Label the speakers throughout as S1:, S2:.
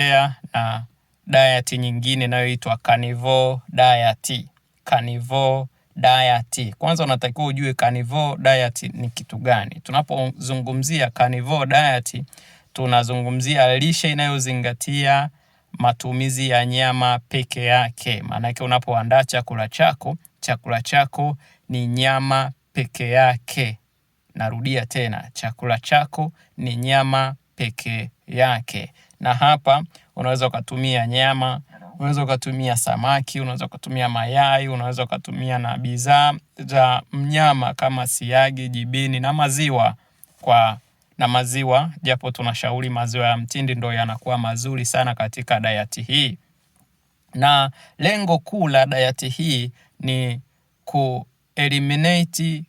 S1: kuendelea na diet nyingine inayoitwa carnivore diet. Carnivore diet. Kwanza unatakiwa ujue carnivore diet ni kitu gani. Tunapozungumzia carnivore diet, tunazungumzia lishe inayozingatia matumizi ya nyama peke yake. Maanake unapoandaa chakula chako, chakula chako ni nyama peke yake. Narudia tena, chakula chako ni nyama peke yake na hapa unaweza ukatumia nyama, unaweza ukatumia samaki, unaweza ukatumia mayai, unaweza ukatumia na bidhaa za mnyama kama siagi, jibini na maziwa kwa na maziwa, japo tunashauri maziwa ya mtindi ndo yanakuwa mazuri sana katika dayati hii, na lengo kuu la dayati hii ni ku eliminate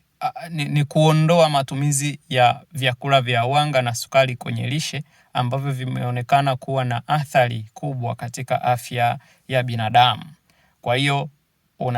S1: ni, ni kuondoa matumizi ya vyakula vya wanga na sukari kwenye lishe ambavyo vimeonekana kuwa na athari kubwa katika afya ya binadamu. Kwa hiyo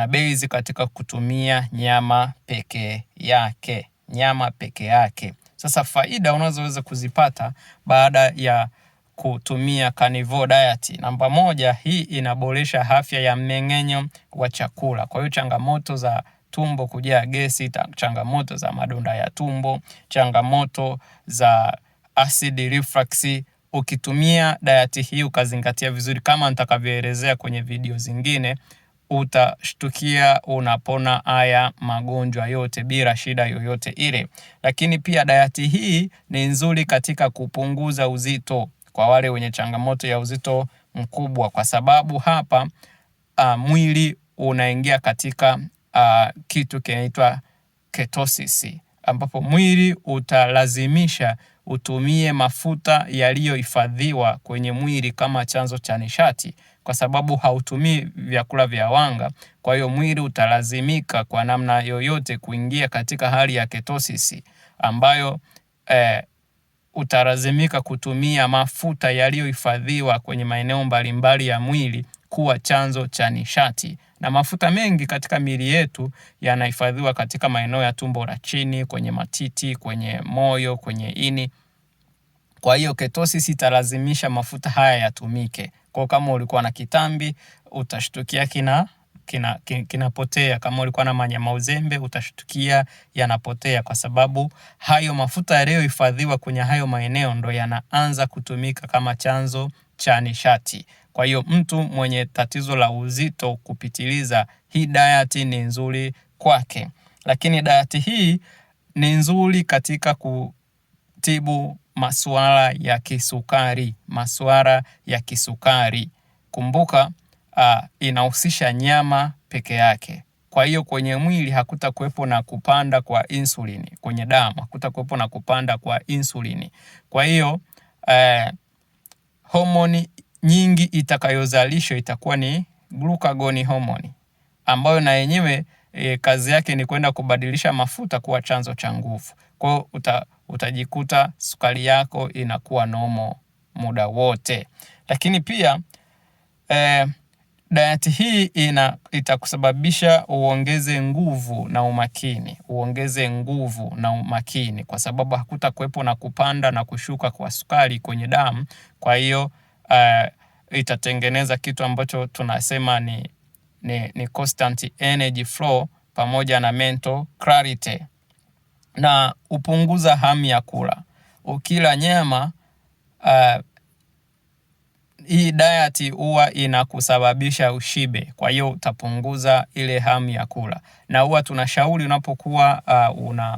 S1: base katika kutumia nyama peke yake, nyama peke yake. Sasa faida unazoweza kuzipata baada ya kutumia carnivore diet. Namba moja, hii inaboresha afya ya mmeng'enyo wa chakula. Kwa hiyo changamoto za tumbo kujaa gesi, changamoto za madonda ya tumbo, changamoto za acid reflux ukitumia dayati hii ukazingatia vizuri kama nitakavyoelezea kwenye video zingine, utashtukia unapona haya magonjwa yote bila shida yoyote ile. Lakini pia dayati hii ni nzuri katika kupunguza uzito kwa wale wenye changamoto ya uzito mkubwa, kwa sababu hapa a, ah, mwili unaingia katika a, ah, kitu kinaitwa ketosis, ambapo mwili utalazimisha utumie mafuta yaliyohifadhiwa kwenye mwili kama chanzo cha nishati, kwa sababu hautumii vyakula vya wanga. Kwa hiyo mwili utalazimika kwa namna yoyote kuingia katika hali ya ketosis ambayo eh, utalazimika kutumia mafuta yaliyohifadhiwa kwenye maeneo mbalimbali ya mwili kuwa chanzo cha nishati na mafuta mengi katika miili yetu yanahifadhiwa katika maeneo ya tumbo la chini, kwenye matiti, kwenye moyo, kwenye ini. Kwa hiyo ketosis italazimisha mafuta haya yatumike. Kwa kama ulikuwa na kitambi utashtukia kina kina kinapotea. Kama ulikuwa na manyama uzembe utashtukia yanapotea, kwa sababu hayo mafuta yaliyohifadhiwa kwenye hayo maeneo ndo yanaanza kutumika kama chanzo cha nishati. Kwa hiyo mtu mwenye tatizo la uzito kupitiliza, hii dayati ni nzuri kwake. Lakini dayati hii ni nzuri katika kutibu masuala ya kisukari, masuala ya kisukari. Kumbuka uh, inahusisha nyama peke yake. Kwa hiyo kwenye mwili hakutakuwepo na kupanda kwa insulini, kwenye damu hakutakuwepo na kupanda kwa insulini. Kwa hiyo uh, homoni nyingi itakayozalishwa itakuwa ni glucagon homoni ambayo na yenyewe e, kazi yake ni kwenda kubadilisha mafuta kuwa chanzo cha nguvu. Kwa hiyo uta, utajikuta sukari yako inakuwa nomo muda wote, lakini pia eh, Dayati hii ina itakusababisha uongeze nguvu na umakini, uongeze nguvu na umakini, kwa sababu hakutakuwepo na kupanda na kushuka kwa sukari kwenye damu. Kwa hiyo uh, itatengeneza kitu ambacho tunasema ni, ni, ni constant energy flow pamoja na mental clarity, na upunguza hamu ya kula ukila nyama uh, hii diet huwa inakusababisha ushibe, kwa hiyo utapunguza ile hamu ya kula, na huwa tunashauri unapokuwa uh, una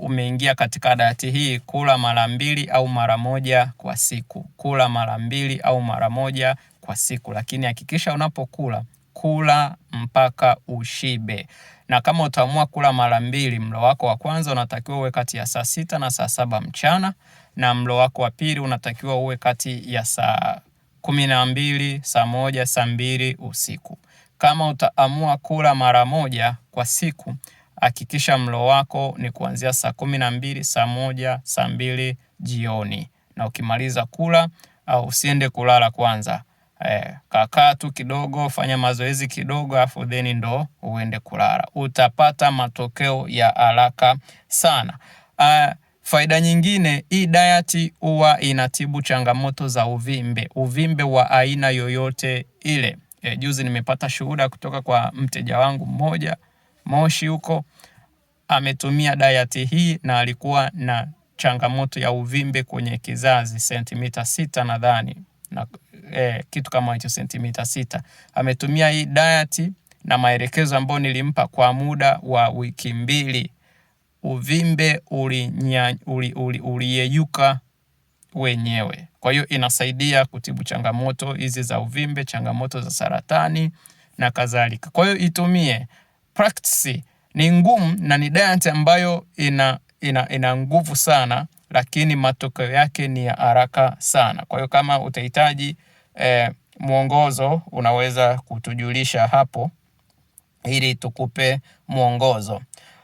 S1: umeingia katika diet hii kula mara mbili au mara moja kwa siku, kula mara mbili au mara moja kwa siku, lakini hakikisha unapokula kula mpaka ushibe. Na kama utaamua kula mara mbili, mlo wako wa kwanza unatakiwa uwe kati ya saa sita na saa saba mchana na mlo wako wa pili unatakiwa uwe kati ya saa kumi na mbili saa moja saa mbili usiku. Kama utaamua kula mara moja kwa siku, hakikisha mlo wako ni kuanzia saa kumi na mbili saa moja saa mbili jioni, na ukimaliza kula au ah, usiende kulala kwanza. E, kakaa tu kidogo, fanya mazoezi kidogo, afu theni ndo uende kulala. Utapata matokeo ya haraka sana. Uh, Faida nyingine, hii diet huwa inatibu changamoto za uvimbe, uvimbe wa aina yoyote ile. E, juzi nimepata shuhuda kutoka kwa mteja wangu mmoja Moshi huko, ametumia diet hii na alikuwa na changamoto ya uvimbe kwenye kizazi sentimita sita nadhani na, e, kitu kama hicho sentimita sita. Ametumia hii diet na maelekezo ambayo nilimpa kwa muda wa wiki mbili uvimbe uliyeyuka uli, uli, wenyewe. Kwa hiyo inasaidia kutibu changamoto hizi za uvimbe, changamoto za saratani na kadhalika. Kwa hiyo itumie. Practice ni ngumu na ni diet ambayo ina, ina, ina nguvu sana, lakini matokeo yake ni ya haraka sana. Kwa hiyo kama utahitaji eh, mwongozo unaweza kutujulisha hapo ili tukupe mwongozo.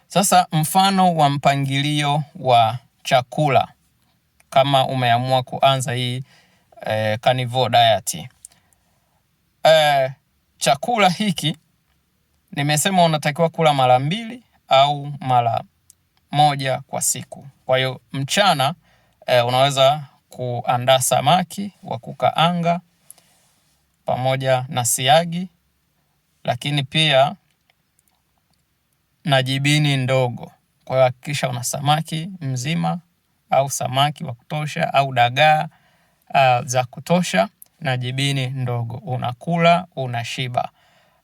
S1: Sasa mfano wa mpangilio wa chakula kama umeamua kuanza hii eh, carnivore diet. Eh, chakula hiki nimesema unatakiwa kula mara mbili au mara moja kwa siku. Kwa hiyo mchana eh, unaweza kuandaa samaki wa kukaanga pamoja na siagi, lakini pia na jibini ndogo. Kwa hiyo hakikisha una samaki mzima au samaki wa kutosha au dagaa uh, za kutosha na jibini ndogo, unakula unashiba.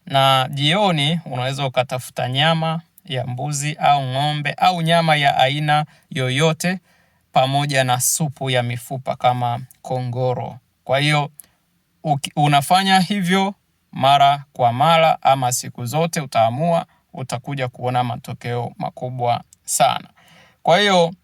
S1: Na jioni unaweza ukatafuta nyama ya mbuzi au ng'ombe au nyama ya aina yoyote pamoja na supu ya mifupa kama kongoro. Kwa hiyo unafanya hivyo mara kwa mara ama siku zote, utaamua utakuja kuona matokeo makubwa sana. Kwa hiyo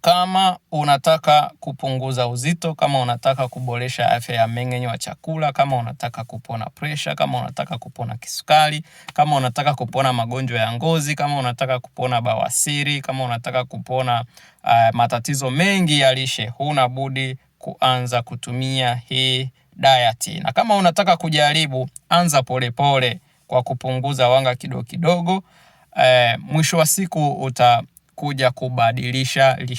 S1: kama unataka kupunguza uzito, kama unataka kuboresha afya ya mmeng'enyo wa chakula, kama unataka kupona presha, kama unataka kupona kisukari, kama unataka kupona magonjwa ya ngozi, kama unataka kupona bawasiri, kama unataka kupona uh, matatizo mengi ya lishe, huna budi kuanza kutumia hii diet. Na kama unataka kujaribu, anza polepole pole kwa kupunguza wanga kidogo kidogo. E, mwisho wa siku utakuja kubadilisha lishe.